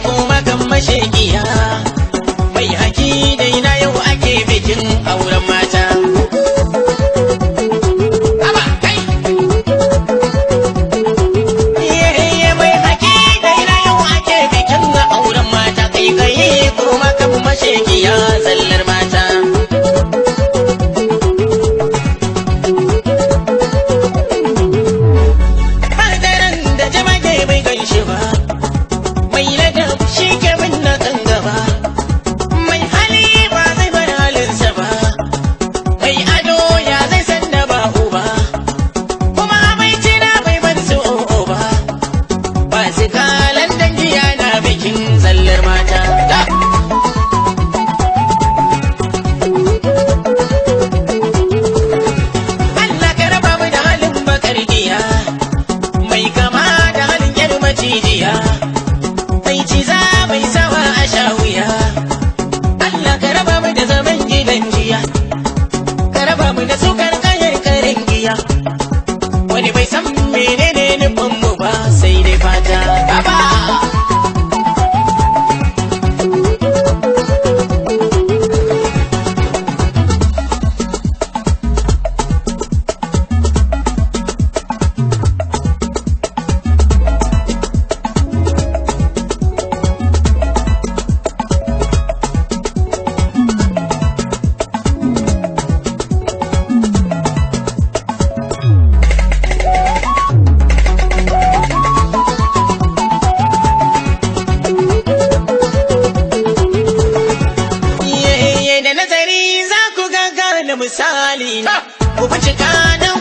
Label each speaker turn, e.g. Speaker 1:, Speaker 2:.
Speaker 1: kuma kan mashaƙiya mai haƙi dai na mai ladab shi gaban uba na